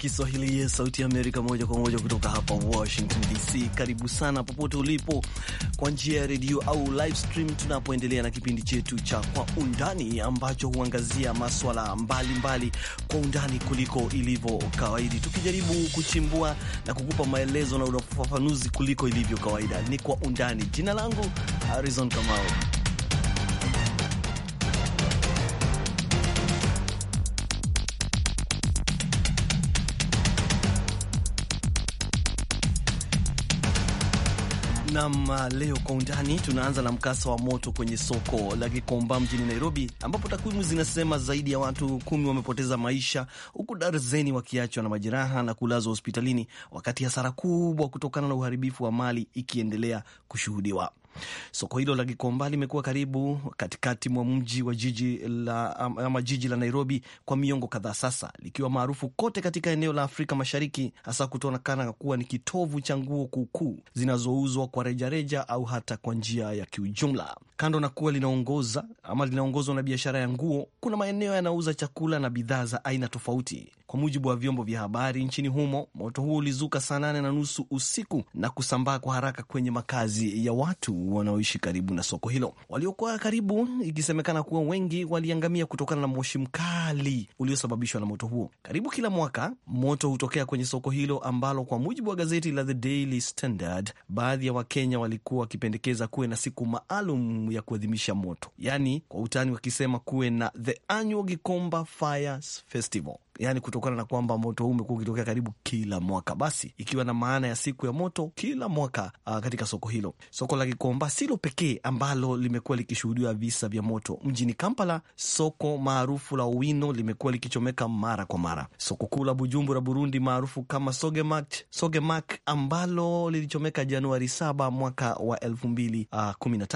Kiswahili ya Sauti ya Amerika, moja kwa moja kutoka hapa Washington DC. Karibu sana popote ulipo kwa njia ya redio au live stream, tunapoendelea na kipindi chetu cha Kwa Undani ambacho huangazia maswala mbalimbali kwa undani kuliko ilivyo kawaidi, tukijaribu kuchimbua na kukupa maelezo na ufafanuzi kuliko ilivyo kawaida. Ni Kwa Undani. Jina langu Harrison Kamau. Nam, uh, leo kwa undani tunaanza na mkasa wa moto kwenye soko la Gikomba mjini Nairobi, ambapo takwimu zinasema zaidi ya watu kumi wamepoteza maisha huku darzeni wakiachwa na majeraha na kulazwa hospitalini, wakati hasara kubwa kutokana na uharibifu wa mali ikiendelea kushuhudiwa. Soko hilo la Gikomba limekuwa karibu katikati mwa mji wa jiji la, ama jiji la Nairobi kwa miongo kadhaa sasa, likiwa maarufu kote katika eneo la Afrika Mashariki, hasa kutokana kuwa ni kitovu cha nguo kuukuu zinazouzwa kwa rejareja au hata kwa njia ya kiujumla. Kando na kuwa linaongoza ama linaongozwa na biashara ya nguo, kuna maeneo yanauza chakula na bidhaa za aina tofauti. Kwa mujibu wa vyombo vya habari nchini humo, moto huo ulizuka saa nane na nusu usiku na kusambaa kwa haraka kwenye makazi ya watu wanaoishi karibu na soko hilo. Waliokuwa karibu, ikisemekana kuwa wengi waliangamia kutokana na moshi mkali uliosababishwa na moto huo. Karibu kila mwaka moto hutokea kwenye soko hilo ambalo, kwa mujibu wa gazeti la The Daily Standard, baadhi ya Wakenya walikuwa wakipendekeza kuwe na siku maalum ya kuadhimisha moto, yaani kwa utani wakisema kuwe na The Annual Gikomba Festival yani kutokana na kwamba moto huu umekuwa ukitokea karibu kila mwaka, basi ikiwa na maana ya siku ya moto kila mwaka uh, katika soko hilo. Soko la Gikomba silo pekee ambalo limekuwa likishuhudiwa visa vya moto mjini Kampala. Soko maarufu la Owino limekuwa likichomeka mara kwa mara. Soko kuu la Bujumbura, Burundi, maarufu kama Sogemak, Sogemak ambalo lilichomeka Januari 7 mwaka wa 2013.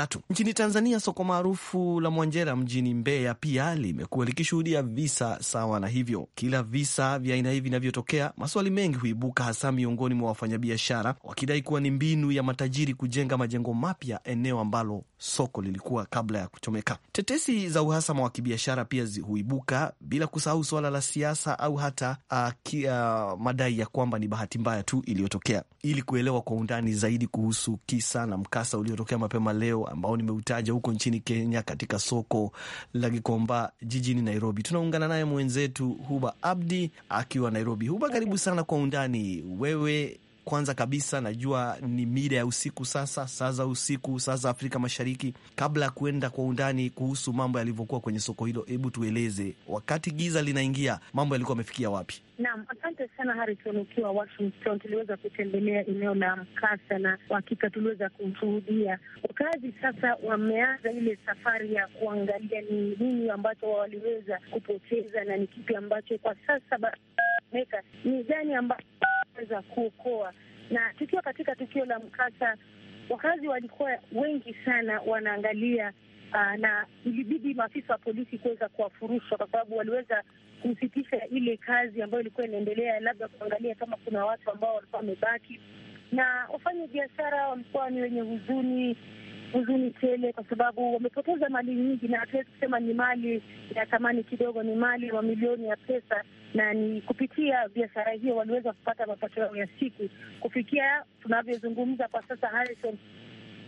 Ah, Nchini Tanzania, soko maarufu la Mwanjera mjini Mbeya pia limekuwa likishuhudia visa sawa na hivyo kila bila visa vya aina hii vinavyotokea, maswali mengi huibuka, hasa miongoni mwa wafanyabiashara wakidai kuwa ni mbinu ya matajiri kujenga majengo mapya eneo ambalo soko lilikuwa kabla ya kuchomeka. Tetesi za uhasama wa kibiashara pia huibuka, bila kusahau suala la siasa au hata uh, ki, uh, madai ya kwamba ni bahati mbaya tu iliyotokea. Ili kuelewa kwa undani zaidi kuhusu kisa na mkasa uliotokea mapema leo ambao nimeutaja huko nchini Kenya katika soko la Gikomba jijini Nairobi, tunaungana naye mwenzetu Huba Abdi akiwa Nairobi. Huba, karibu sana kwa undani. Wewe kwanza kabisa najua ni mida ya usiku sasa, saa za usiku, saa za Afrika Mashariki. Kabla ya kuenda kwa undani kuhusu mambo yalivyokuwa kwenye soko hilo, hebu tueleze, wakati giza linaingia, mambo yalikuwa yamefikia wapi? Naam, asante sana Harison. Ukiwa Washington tuliweza kutembelea eneo la mkasa, na hakika tuliweza kushuhudia wakazi sasa wameanza ile safari ya kuangalia ni nini ambacho waliweza kupoteza na ni kipi ambacho kwa sasa meka mizani ambayo kuweza kuokoa. Na tukiwa katika tukio la mkasa, wakazi walikuwa wengi sana wanaangalia Aa, ah, na ilibidi maafisa wa polisi kuweza kuwafurusha kwa sababu waliweza kusitisha ile kazi ambayo ilikuwa inaendelea, labda kuangalia kama kuna watu ambao walikuwa wamebaki, na wafanyabiashara walikuwa ni wenye huzuni huzuni tele, kwa sababu wamepoteza mali nyingi, na hatuwezi kusema ni mali ya thamani kidogo, ni mali mamilioni ya pesa, na ni kupitia biashara hiyo waliweza kupata mapato yao ya siku. Kufikia tunavyozungumza kwa sasa, Harrison,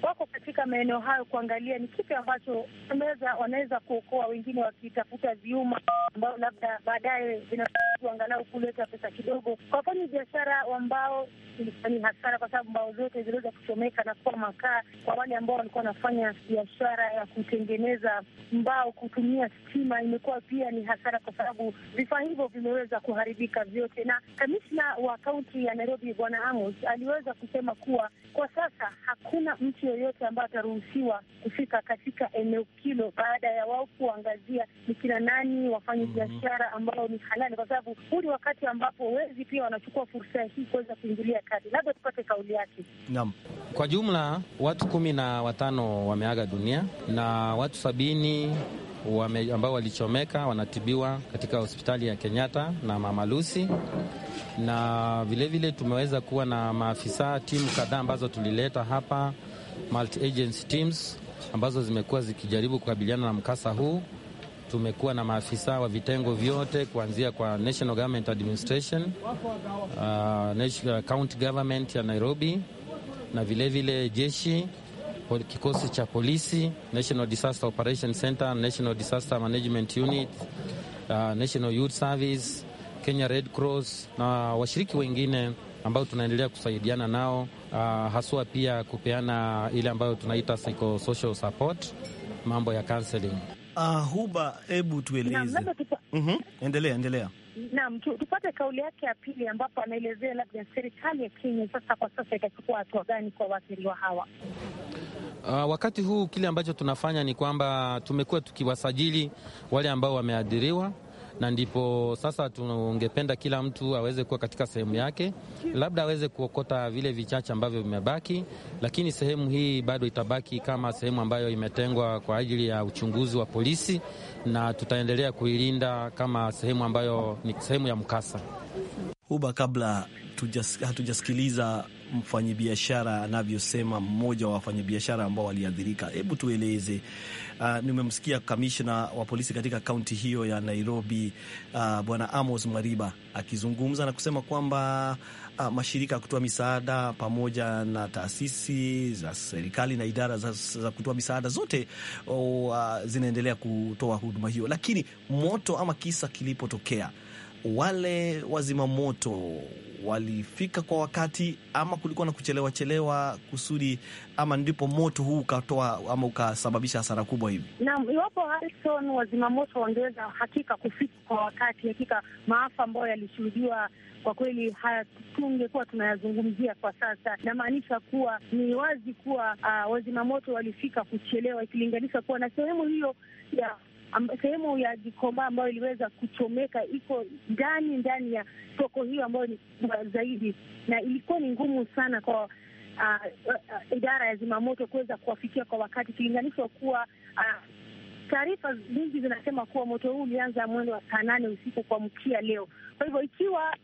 wako katika maeneo hayo kuangalia ni kipi ambacho wanaweza kuokoa, wengine wakitafuta vyuma ambao labda baadaye vinau angalau kuleta pesa kidogo kwa wafanya biashara wa mbao. Ni hasara kwa sababu mbao zote ziliweza kuchomeka na kuwa makaa kwa wale ambao walikuwa wanafanya biashara ya kutengeneza mbao kutumia stima. Imekuwa pia ni hasara kwa sababu vifaa hivyo vimeweza kuharibika vyote, na kamishna wa kaunti ya Nairobi Bwana Amos aliweza kusema kuwa kwa sasa hakuna mtu yoyote ambayo ataruhusiwa kufika katika eneo hilo, baada ya wao kuangazia ni kina nani wafanye mhm. biashara ambao ni halali, kwa sababu huu ni wakati ambapo wezi pia wanachukua fursa hii kuweza kuingilia kati. Labda tupate kauli yake. Naam, kwa jumla watu kumi na watano wameaga dunia na watu sabini wame, ambao walichomeka wanatibiwa katika hospitali ya Kenyatta na Mama Lucy na vilevile vile tumeweza kuwa na maafisa timu kadhaa ambazo tulileta hapa multi-agency teams ambazo zimekuwa zikijaribu kukabiliana na mkasa huu. Tumekuwa na maafisa wa vitengo vyote kuanzia kwa National Government Administration, uh, National County Government ya Nairobi na vilevile vile jeshi, kikosi cha polisi, National Disaster Operation Center, National Disaster Management Unit, uh, National Youth Service, Kenya Red Cross na washiriki wengine ambao tunaendelea kusaidiana nao uh, haswa pia kupeana ile ambayo tunaita psychosocial support, mambo ya counseling. Uh, Huba, hebu tueleze. Mm-hmm. Endelea, endelea. Naam, tupate kauli yake ya pili ambapo anaelezea labda serikali ya Kenya sasa kwa sasa itachukua hatua gani kwa waathiriwa hawa. Uh, wakati huu kile ambacho tunafanya ni kwamba tumekuwa tukiwasajili wale ambao wameadhiriwa na ndipo sasa tungependa kila mtu aweze kuwa katika sehemu yake, labda aweze kuokota vile vichache ambavyo vimebaki, lakini sehemu hii bado itabaki kama sehemu ambayo imetengwa kwa ajili ya uchunguzi wa polisi, na tutaendelea kuilinda kama sehemu ambayo ni sehemu ya mkasa. Huba, kabla hatujasikiliza mfanyabiashara anavyosema, mmoja wa wafanyabiashara ambao waliathirika, hebu tueleze. Uh, nimemsikia kamishna wa polisi katika kaunti hiyo ya Nairobi, uh, bwana Amos Mwariba akizungumza na kusema kwamba uh, mashirika ya kutoa misaada pamoja na taasisi za serikali na idara za, za kutoa misaada zote uh, zinaendelea kutoa huduma hiyo, lakini moto ama kisa kilipotokea wale wazima moto walifika kwa wakati ama kulikuwa na kuchelewa chelewa kusudi ama ndipo moto huu ukatoa ama ukasababisha hasara kubwa hivi? Naam, iwapo Harrison wazima moto wangeweza hakika kufika kwa wakati, hakika maafa ambayo yalishuhudiwa kwa kweli hatungekuwa tunayazungumzia kwa sasa. Namaanisha kuwa ni wazi kuwa uh, wazima moto walifika kuchelewa ikilinganishwa kuwa na sehemu hiyo ya sehemu ya Jikomba ambayo iliweza kuchomeka iko ndani ndani ya soko hiyo ambayo ni kubwa zaidi, na ilikuwa ni ngumu sana kwa uh, uh, idara ya zimamoto kuweza kuwafikia kwa wakati ikilinganishwa kuwa uh, taarifa nyingi zinasema kuwa moto huu ulianza mwendo wa saa nane usiku kwa mkia leo. Kwa hivyo ikiwa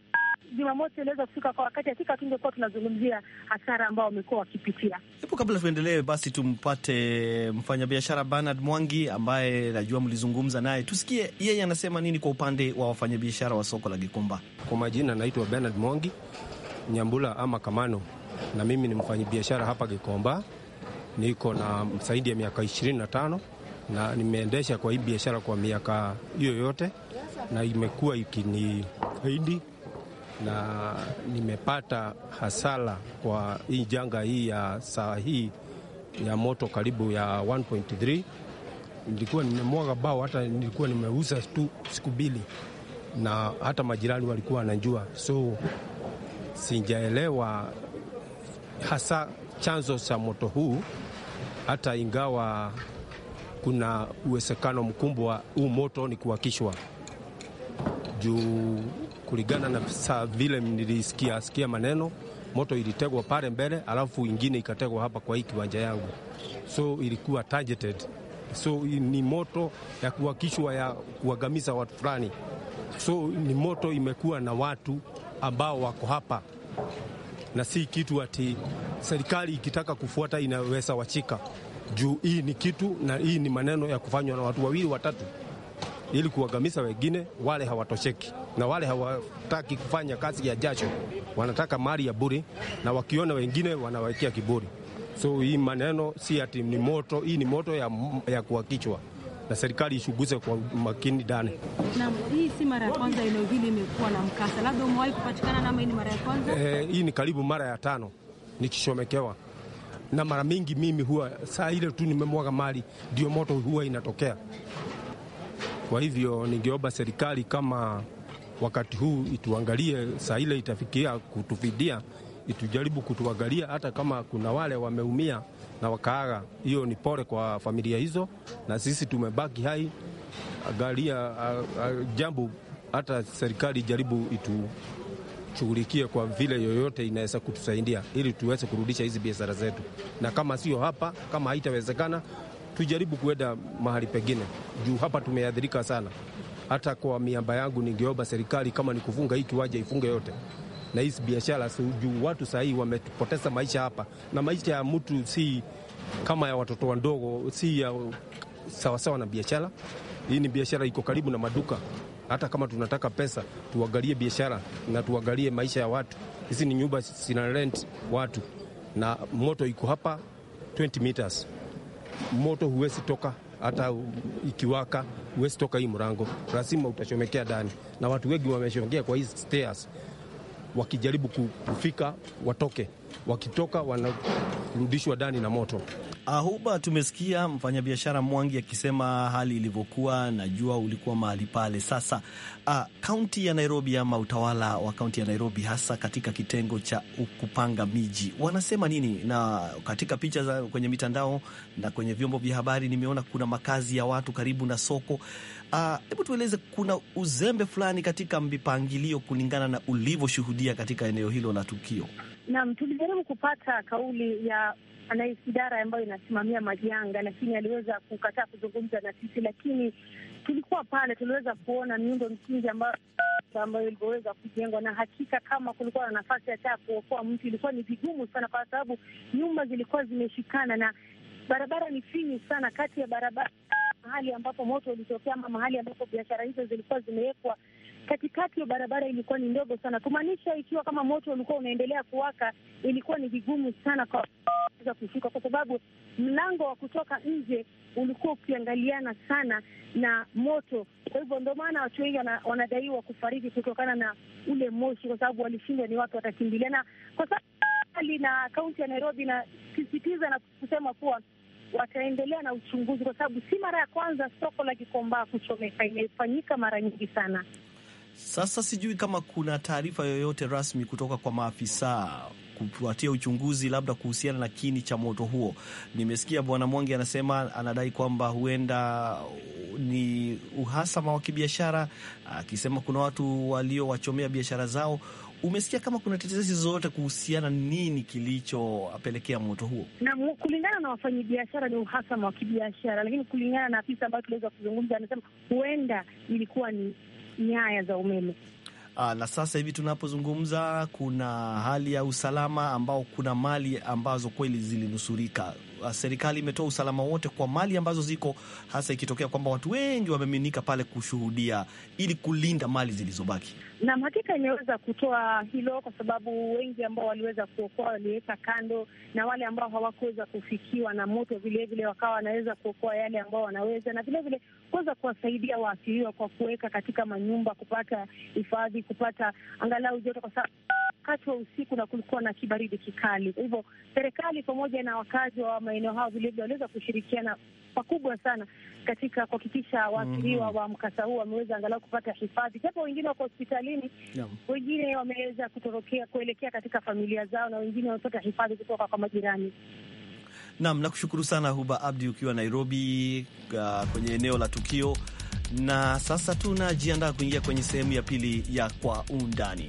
Jumamosi inaweza kufika kwa wakati, hakika tungekuwa tunazungumzia hasara ambao wamekuwa wakipitia. Hebu kabla tuendelee, basi tumpate mfanyabiashara Bernard Mwangi ambaye najua mlizungumza naye, tusikie yeye anasema nini kwa upande wa wafanyabiashara wa soko la Gikomba. Kwa majina naitwa Bernard Mwangi Nyambula ama Kamano, na mimi ni mfanyabiashara hapa Gikomba. Niko na zaidi ya miaka ishirini na tano na nimeendesha kwa hii biashara kwa miaka hiyo yote, na imekuwa ikinifaidi na nimepata hasara kwa hii janga hii ya saa hii ya moto karibu ya 1.3 nilikuwa nimemwaga bao, hata nilikuwa nimeuza tu siku mbili, na hata majirani walikuwa wanajua, so sijaelewa hasa chanzo cha moto huu, hata ingawa kuna uwezekano mkubwa huu moto ni kuwakishwa juu kulingana na saa vile nilisikia sikia maneno, moto ilitegwa pale mbele, alafu ingine ikategwa hapa kwa hii kiwanja yangu, so ilikuwa targeted. So ni moto ya kuhakishwa ya kuagamiza watu fulani, so ni moto imekuwa na watu ambao wako hapa, na si kitu ati serikali ikitaka kufuata inaweza wachika juu. Hii ni kitu na hii ni maneno ya kufanywa na watu wawili watatu ili kuwagamisa wengine wale hawatosheki na wale hawataki kufanya kazi ya jasho, wanataka mali ya bure, na wakiona wengine wanawekea kiburi. So hii maneno si ati ni moto, hii ni moto ya, ya kuwakichwa na serikali ishuguze kwa makini dani. Naam, hii si mara ya kwanza eneo hili imekuwa na mkasa, labda umewahi kupatikana nama, hii ni mara ya kwanza? Eh, hii ni karibu mara ya tano nikishomekewa na mara mingi mimi huwa saa ile tu nimemwaga mali ndio moto huwa inatokea. Kwa hivyo ningeomba serikali kama wakati huu ituangalie, saa ile itafikia kutufidia, itujaribu kutuangalia, hata kama kuna wale wameumia na wakaaga. Hiyo ni pole kwa familia hizo, na sisi tumebaki hai. Angalia jambo, hata serikali ijaribu itushughulikie kwa vile yoyote inaweza kutusaidia, ili tuweze kurudisha hizi biashara zetu, na kama sio hapa, kama haitawezekana tujaribu kuenda mahali pengine, juu hapa tumeathirika sana. Hata kwa miamba yangu ningeomba serikali kama ni kufunga hii kiwanja ifunge yote na hizi biashara, juu watu sahii wamepoteza maisha hapa, na maisha ya mtu si kama ya watoto wadogo, si ya sawasawa na biashara hii. Ni biashara iko karibu na maduka. Hata kama tunataka pesa, tuangalie biashara na tuangalie maisha ya watu. Hizi ni nyumba zina rent watu, na moto iko hapa 20 meters moto huwezi toka hata ikiwaka huwezi toka hii mrango, lazima utachomekea ndani, na watu wengi wameshongea kwa hii stairs wakijaribu kufika watoke wakitoka wanarudishwa ndani na moto. Ahuba, tumesikia mfanyabiashara Mwangi akisema hali ilivyokuwa. Najua ulikuwa mahali pale. Sasa ah, kaunti uh, ya Nairobi ama utawala wa kaunti ya Nairobi, hasa katika kitengo cha kupanga miji, wanasema nini? Na katika picha za kwenye mitandao na kwenye vyombo vya habari nimeona kuna makazi ya watu karibu na soko. Ah, hebu uh, tueleze, kuna uzembe fulani katika mipangilio kulingana na ulivyoshuhudia katika eneo hilo la tukio? Naam, tulijaribu kupata kauli ya ana idara ambayo inasimamia majanga, lakini aliweza kukataa kuzungumza na sisi, lakini tulikuwa pale, tuliweza kuona miundo msingi ambayo ambayo ilivyoweza kujengwa, na hakika kama kulikuwa na nafasi hata kuokoa mtu ilikuwa ni vigumu sana, kwa sababu nyumba zilikuwa zimeshikana na barabara ni finyu sana, kati ya barabara mahali ambapo moto ulitokea ama mahali ambapo biashara hizo zilikuwa zimewekwa katikati ya barabara ilikuwa ni ndogo sana, kumaanisha ikiwa kama moto ulikuwa unaendelea kuwaka, ilikuwa ni vigumu sana kwa kuweza kushuka, kwa sababu mlango wa kutoka nje ulikuwa ukiangaliana sana na moto. Kwa hivyo ndio maana watu wengi wanadaiwa kufariki kutokana na ule moshi, kwa sababu walishindwa ni watu na kwa sababu na kaunti ya Nairobi inasisitiza na kusema kuwa wataendelea na uchunguzi, kwa sababu si mara ya kwanza soko la Gikomba kuchomeka, imefanyika mara nyingi sana. Sasa sijui kama kuna taarifa yoyote rasmi kutoka kwa maafisa kufuatia uchunguzi labda kuhusiana na kini cha moto huo. Nimesikia Bwana Mwangi anasema anadai kwamba huenda ni uhasama wa kibiashara, akisema kuna watu waliowachomea biashara zao. Umesikia kama kuna tetesi zote kuhusiana nini kilichopelekea moto huo? Na kulingana na wafanyabiashara ni uhasama wa kibiashara, lakini kulingana na afisa ambayo tuliweza kuzungumza, anasema huenda ilikuwa ni nyaya za umeme. Aa, ah, na sasa hivi tunapozungumza kuna hali ya usalama ambao kuna mali ambazo kweli zilinusurika Uh, serikali imetoa usalama wote kwa mali ambazo ziko hasa, ikitokea kwamba watu wengi wameminika pale kushuhudia ili kulinda mali zilizobaki. Naam, hakika imeweza kutoa hilo kwa sababu wengi ambao waliweza kuokoa waliweka kando, na wale ambao hawakuweza kufikiwa na moto vilevile wakawa wanaweza kuokoa yale ambao wanaweza, na vilevile kuweza kuwasaidia waathiriwa kwa kuweka katika manyumba, kupata hifadhi, kupata angalau joto, kwa sababu wakati wa usiku na kulikuwa na kibaridi kikali. Kwa hivyo serikali pamoja na wakazi wa maeneo hayo vilevile waliweza kushirikiana pakubwa sana katika kuhakikisha waathiriwa mm -hmm. wa mkasa huu wameweza angalau kupata hifadhi, japo wengine wako hospitalini yeah. wengine wameweza kutorokea kuelekea katika familia zao, na wengine wamepata hifadhi kutoka kwa majirani. Naam, nakushukuru sana Huba Abdi ukiwa Nairobi, uh, kwenye eneo la tukio. Na sasa tunajiandaa kuingia kwenye sehemu ya pili ya Kwa Undani.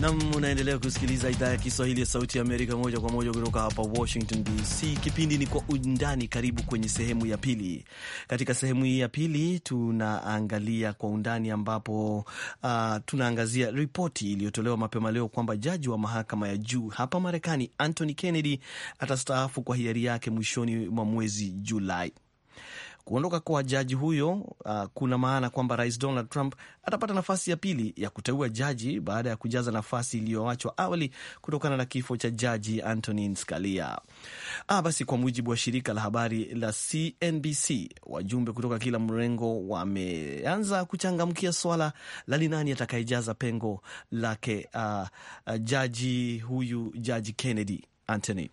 Nam, unaendelea kusikiliza idhaa ya Kiswahili ya Sauti ya Amerika moja kwa moja kutoka hapa Washington DC. Kipindi ni Kwa Undani. Karibu kwenye sehemu ya pili. Katika sehemu hii ya pili tunaangalia kwa undani, ambapo uh, tunaangazia ripoti iliyotolewa mapema leo kwamba jaji wa mahakama ya juu hapa Marekani Anthony Kennedy atastaafu kwa hiari yake mwishoni mwa mwezi Julai. Kuondoka kwa jaji huyo uh, kuna maana kwamba rais Donald Trump atapata nafasi ya pili ya kuteua jaji baada ya kujaza nafasi iliyoachwa awali kutokana na kifo cha jaji Antonin Scalia. Ah, basi kwa mujibu wa shirika la habari la CNBC, wajumbe kutoka kila mrengo wameanza kuchangamkia swala la ni nani atakayejaza pengo lake, uh, uh, jaji huyu jaji Kennedy antony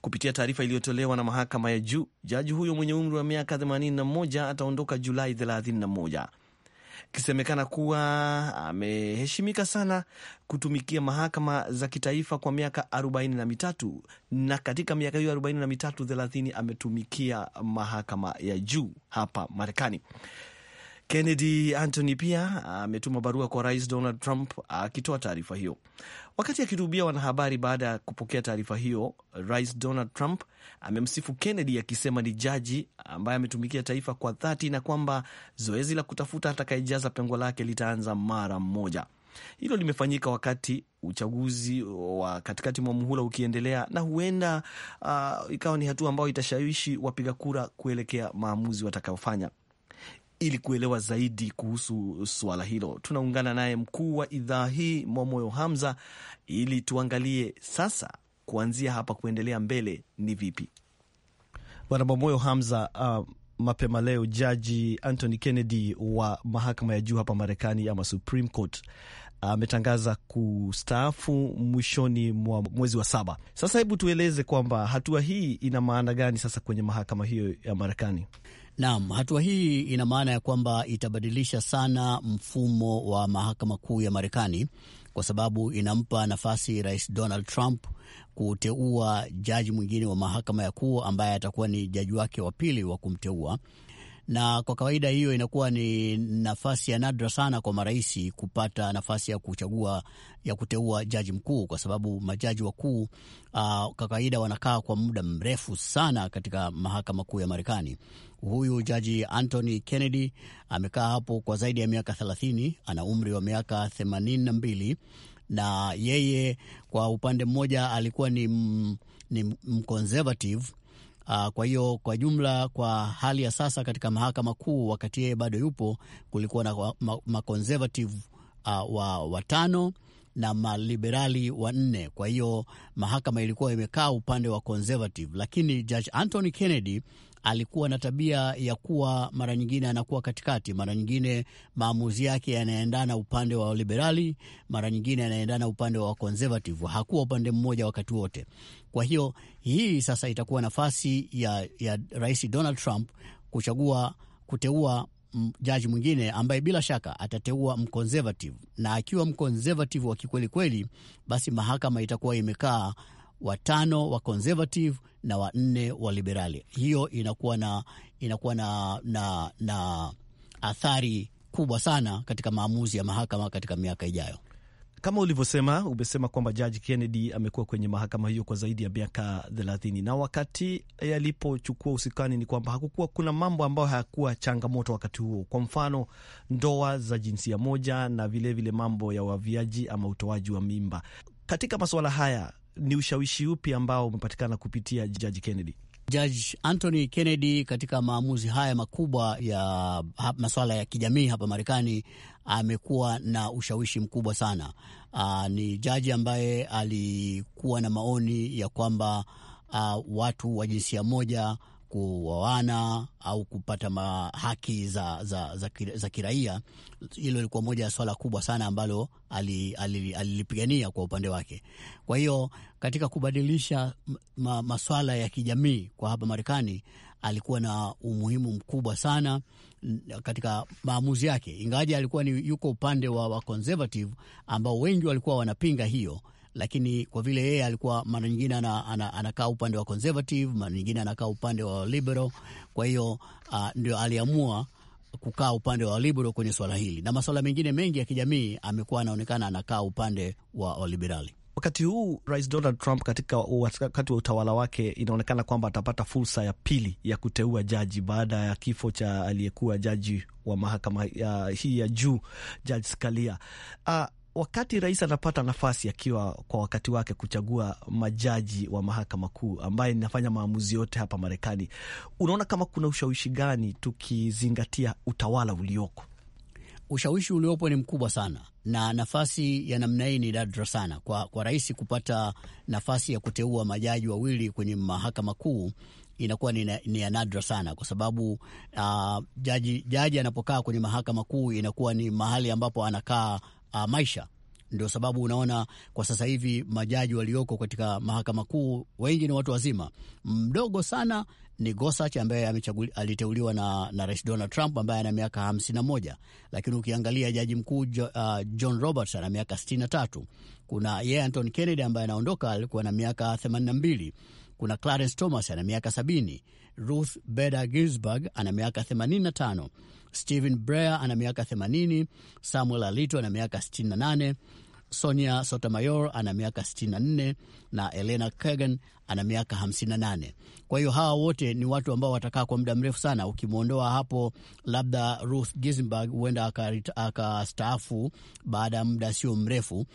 Kupitia taarifa iliyotolewa na mahakama ya juu, jaji huyo mwenye umri wa miaka 81 ataondoka Julai 31 ikisemekana kuwa ameheshimika sana kutumikia mahakama za kitaifa kwa miaka arobaini na mitatu na katika miaka hiyo arobaini na mitatu thelathini ametumikia mahakama ya juu hapa Marekani. Kennedy Anthony pia ah, ametuma barua kwa Rais Donald Trump ah, akitoa taarifa hiyo. Wakati akihutubia wanahabari baada ya kupokea taarifa hiyo, Rais Donald Trump amemsifu Kennedy akisema ni jaji ambaye ametumikia taifa kwa dhati na kwamba zoezi la kutafuta atakayejaza pengo lake litaanza mara mmoja Hilo limefanyika wakati uchaguzi wa katikati mwa muhula ukiendelea, na huenda uh, ikawa ni hatua ambayo itashawishi wapiga kura kuelekea maamuzi watakayofanya ili kuelewa zaidi kuhusu suala hilo. Tunaungana naye mkuu wa idhaa hii Mwamoyo Hamza ili tuangalie sasa kuanzia hapa kuendelea mbele ni vipi. Bwana Mwamoyo Hamza, uh, mapema leo jaji Anthony Kennedy wa mahakama ya juu hapa Marekani ama Supreme Court ametangaza uh, kustaafu mwishoni mwa mwezi wa saba. Sasa hebu tueleze kwamba hatua hii ina maana gani sasa kwenye mahakama hiyo ya Marekani? Naam, hatua hii ina maana ya kwamba itabadilisha sana mfumo wa mahakama kuu ya Marekani kwa sababu inampa nafasi Rais Donald Trump kuteua jaji mwingine wa mahakama ya kuu ambaye atakuwa ni jaji wake wa pili wa kumteua na kwa kawaida hiyo inakuwa ni nafasi ya nadra sana kwa marais kupata nafasi ya kuchagua ya kuteua jaji mkuu, kwa sababu majaji wakuu uh, kwa kawaida wanakaa kwa muda mrefu sana katika mahakama kuu ya Marekani. Huyu jaji Anthony Kennedy amekaa hapo kwa zaidi ya miaka thelathini, ana umri wa miaka themanini na mbili na yeye kwa upande mmoja alikuwa ni, m, ni m Uh, kwa hiyo kwa jumla, kwa hali ya sasa katika mahakama kuu, wakati yeye bado yupo, kulikuwa na maconservative ma uh, wa watano na maliberali wanne. Kwa hiyo mahakama ilikuwa imekaa upande wa conservative, lakini Judge Anthony Kennedy alikuwa na tabia ya kuwa mara nyingine anakuwa katikati, mara nyingine maamuzi yake yanaendana upande wa liberali, mara nyingine yanaendana upande wa conservative. Hakuwa upande mmoja wakati wote. Kwa hiyo hii sasa itakuwa nafasi ya, ya Rais Donald Trump kuchagua kuteua jaji mwingine ambaye bila shaka atateua mconservative, na akiwa mconservative wa kikweli kweli, basi mahakama itakuwa imekaa watano wa conservative na wanne wa liberali. Hiyo inakuwa na inakuwa na, na, na athari kubwa sana katika maamuzi ya mahakama katika miaka ijayo. Kama ulivyosema, umesema kwamba Jaji Kennedy amekuwa kwenye mahakama hiyo kwa zaidi ya miaka thelathini, na wakati alipochukua usukani ni kwamba hakukuwa kuna mambo ambayo hayakuwa changamoto wakati huo, kwa mfano ndoa za jinsia moja na vilevile vile mambo ya waviaji ama utoaji wa mimba. Katika masuala haya ni ushawishi upi ambao umepatikana kupitia Jaji Kennedy? Jaji Anthony Kennedy katika maamuzi haya makubwa ya masuala ya kijamii hapa Marekani amekuwa na ushawishi mkubwa sana. Aa, ah, ni jaji ambaye alikuwa na maoni ya kwamba Uh, watu wa jinsia moja kuoana au kupata haki za, za, za, za kiraia. Hilo ilikuwa moja ya swala kubwa sana ambalo alilipigania ali, ali kwa upande wake. Kwa hiyo katika kubadilisha ma, maswala ya kijamii kwa hapa Marekani alikuwa na umuhimu mkubwa sana katika maamuzi yake, ingawaji alikuwa ni yuko upande wa, wa conservative ambao wengi walikuwa wanapinga hiyo lakini kwa vile yeye alikuwa mara nyingine anakaa ana, ana upande wa conservative, mara nyingine anakaa upande wa liberal. Kwa hiyo uh, ndio aliamua kukaa upande wa liberal kwenye swala hili, na masuala mengine mengi ya kijamii amekuwa anaonekana anakaa upande wa liberali. Wakati huu Rais Donald Trump katika wakati wa utawala wake, inaonekana kwamba atapata fursa ya pili ya kuteua jaji baada ya kifo cha aliyekuwa jaji wa mahakama ah, hii ya juu Jaji Scalia. Uh, wakati rais anapata nafasi akiwa kwa wakati wake kuchagua majaji wa mahakama kuu ambaye inafanya maamuzi yote hapa Marekani, unaona kama kuna ushawishi gani tukizingatia utawala ulioko? Ushawishi uliopo ni mkubwa sana, na nafasi ya namna hii ni nadra sana kwa, kwa rais kupata nafasi ya kuteua majaji wawili kwenye mahakama kuu inakuwa ni ya nadra sana kwa sababu uh, jaji, jaji anapokaa kwenye mahakama kuu inakuwa ni mahali ambapo anakaa uh, maisha. Ndio sababu unaona kwa sasa hivi majaji walioko katika mahakama kuu wengi ni watu wazima. Mdogo sana ni gosach ambaye aliteuliwa na, na Rais Donald Trump ambaye ana miaka hamsini na moja, lakini ukiangalia jaji mkuu uh, John Roberts ana miaka sitini na tatu. Kuna yeye yeah, Anton Kennedy ambaye anaondoka alikuwa na miaka themanini na mbili. Kuna Clarence Thomas ana miaka sabini. Ruth Bader Ginsburg ana miaka themanini na tano. Stephen Breyer ana miaka 80, Samuel Alito ana miaka 68, Sonia Sotomayor ana miaka 64 na Elena Kagan ana miaka 58. Kwa hiyo hawa wote ni watu ambao watakaa kwa muda mrefu sana, ukimwondoa hapo labda Ruth Ginsburg huenda akastaafu baada ya muda sio mrefu.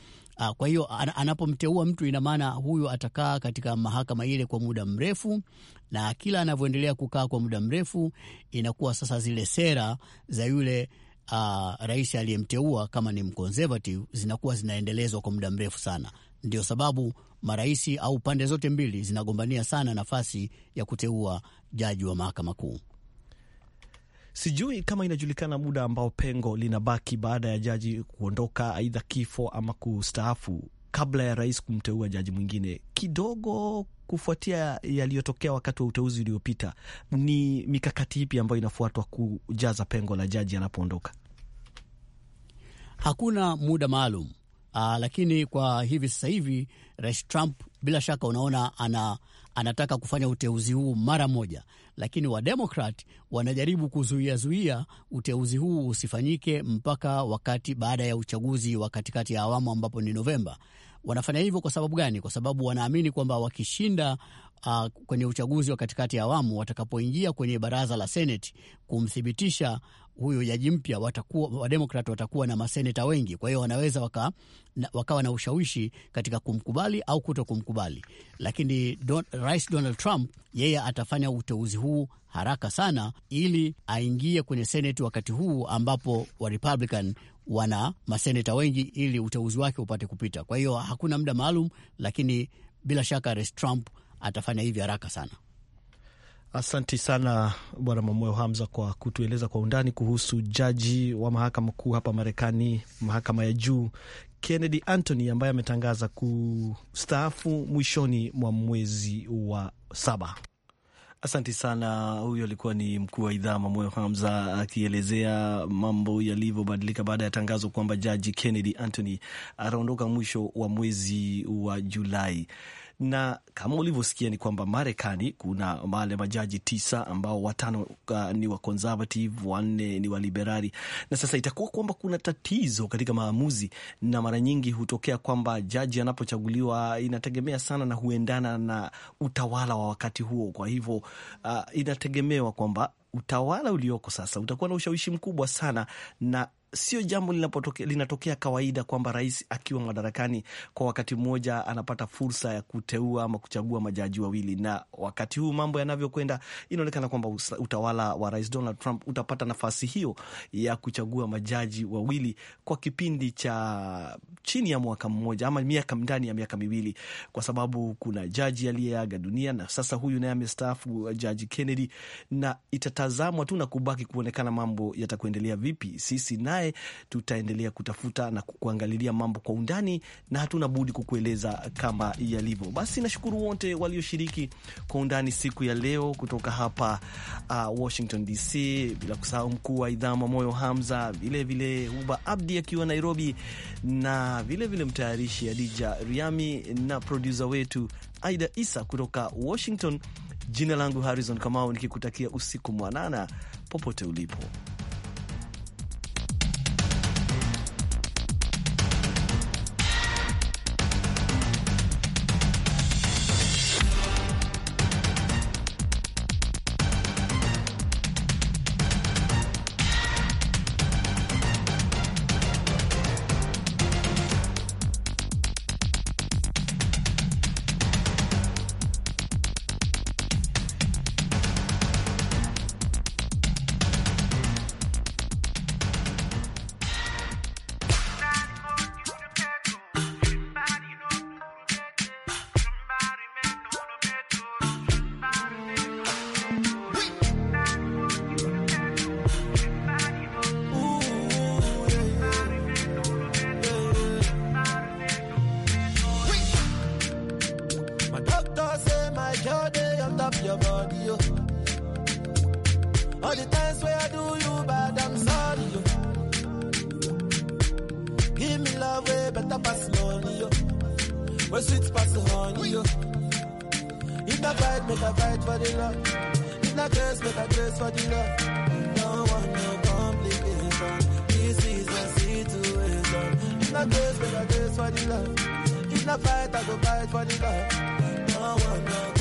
Ah, kwa hiyo anapomteua mtu, ina maana huyu atakaa katika mahakama ile kwa muda mrefu, na kila anavyoendelea kukaa kwa muda mrefu, inakuwa sasa zile sera za yule uh, rais aliyemteua kama ni mconservative zinakuwa zinaendelezwa kwa muda mrefu sana. Ndio sababu marais au pande zote mbili zinagombania sana nafasi ya kuteua jaji wa mahakama kuu. Sijui kama inajulikana muda ambao pengo linabaki baada ya jaji kuondoka, aidha kifo ama kustaafu, kabla ya rais kumteua jaji mwingine, kidogo kufuatia yaliyotokea wakati wa uteuzi uliopita. Ni mikakati ipi ambayo inafuatwa kujaza pengo la jaji anapoondoka? Hakuna muda maalum aa, ah, lakini kwa hivi sasa hivi rais Trump bila shaka unaona ana anataka kufanya uteuzi huu mara moja, lakini Wademokrat wanajaribu kuzuiazuia uteuzi huu usifanyike mpaka wakati baada ya uchaguzi wa katikati ya awamu ambapo ni Novemba. Wanafanya hivyo kwa sababu gani? Kwa sababu wanaamini kwamba wakishinda uh, kwenye uchaguzi wa katikati ya awamu, watakapoingia kwenye baraza la Seneti kumthibitisha huyu jaji mpya watakuwa Wademokrat watakuwa na maseneta wengi, kwa hiyo wanaweza waka, na, wakawa na ushawishi katika kumkubali au kuto kumkubali. Lakini don, Rais Donald Trump yeye atafanya uteuzi huu haraka sana ili aingie kwenye seneti wakati huu ambapo Warepublican wana maseneta wengi ili uteuzi wake upate kupita. Kwa hiyo hakuna muda maalum, lakini bila shaka Rais Trump atafanya hivi haraka sana. Asanti sana Bwana mamoyo Hamza kwa kutueleza kwa undani kuhusu jaji wa mahakama kuu hapa Marekani, mahakama ya juu Kennedy Anthony ambaye ametangaza kustaafu mwishoni mwa mwezi wa saba. Asanti sana. Huyo alikuwa ni mkuu wa idhaa Mamoyo Hamza akielezea mambo yalivyobadilika baada ya tangazo kwamba jaji Kennedy Anthony ataondoka mwisho wa mwezi wa Julai na kama ulivyosikia ni kwamba Marekani kuna wale majaji tisa ambao watano uh, ni wa conservative, wanne ni wa liberali, na sasa itakuwa kwamba kuna tatizo katika maamuzi, na mara nyingi hutokea kwamba jaji anapochaguliwa inategemea sana na huendana na utawala wa wakati huo. Kwa hivyo uh, inategemewa kwamba utawala ulioko sasa utakuwa na ushawishi mkubwa sana na sio jambo linatokea kawaida kwamba rais akiwa madarakani kwa wakati mmoja anapata fursa ya kuteua ama kuchagua majaji wawili, na wakati huu mambo yanavyokwenda, inaonekana kwamba utawala wa rais Donald Trump utapata nafasi hiyo ya kuchagua majaji wawili kwa kipindi cha chini ya mwaka mmoja ama miaka ndani ya miaka miwili, kwa sababu kuna jaji aliyeaga dunia na sasa huyu naye amestaafu, uh, jaji Kennedy, na itatazamwa tu na kubaki kuonekana mambo yatakuendelea vipi. Sisi naye baadaye tutaendelea kutafuta na kukuangalilia mambo kwa undani, na hatuna budi kukueleza kama yalivyo. Basi nashukuru wote walioshiriki kwa undani siku ya leo kutoka hapa uh, Washington DC, bila kusahau mkuu wa idhaa Mwamoyo Hamza, vilevile Huba Abdi akiwa Nairobi, na vilevile vile mtayarishi Adija Riami na produsa wetu Aida Isa kutoka Washington. Jina langu Harrison Kamau, nikikutakia usiku mwanana popote ulipo. All the times where I do you bad, I'm sorry, yo. Give me love way better pass lonely, yo. Where sweet pass honey, yo. If I fight, make a fight for the love. If I curse, make a curse for the love. Don't want no complication. This is a situation. If I curse, make a curse for the love. If I fight, I go fight for the love. Don't want no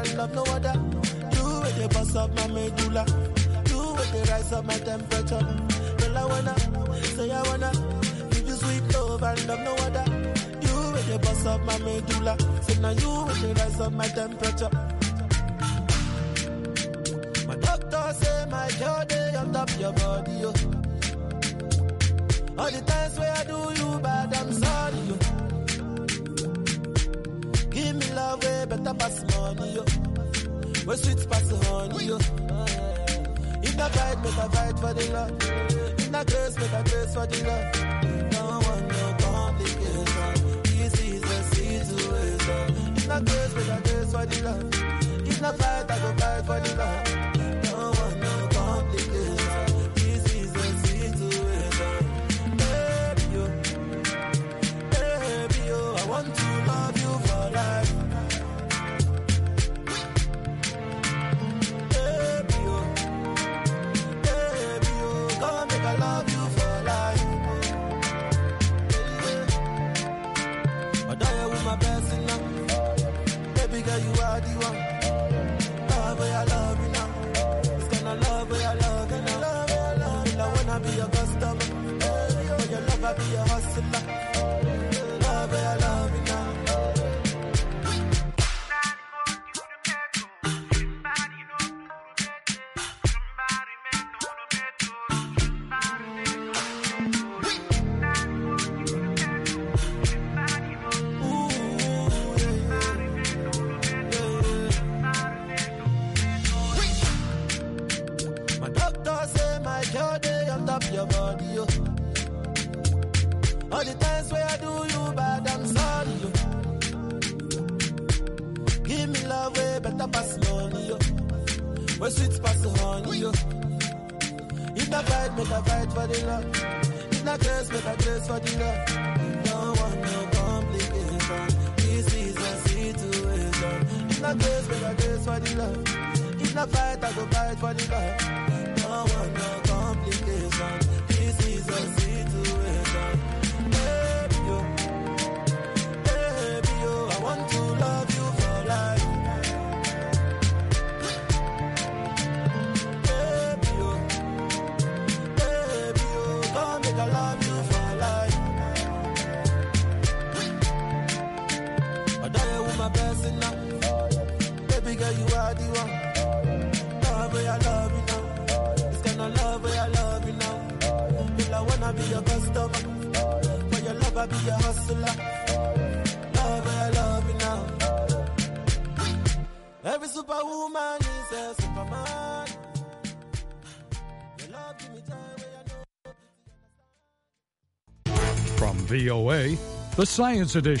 can love no other. You with the bust of my medulla. You with the rise of my temperature. Girl, I wanna, say I wanna. Give you sweet love and love no other. You with the bust of my medulla. Say now you with the rise of my temperature. My doctor say my body on top your body, yo. All the times where I do you bad, I'm sorry, yo love way better pass money, yo. Where sweet pass honey, yo. Eh. In I fight, make I fight for the love. In I grace, make I grace for the love. Don't want no complication. This is the situation. In I grace, make I grace for the love. In I fight, I go fight for the love. girl, you are the one. Love where I love you now. It's gonna love where I love you now. I wanna be your customer. For your love, I be your hustler. I grace for the love. If not fight, I go fight for the love. No one, no complications. Love where I love you now. This kind of love where I love you now. I wanna be your customer. For your love, I be your hustler. Love where I love you now. Every superwoman is a superman. From VOA, the Science Edition.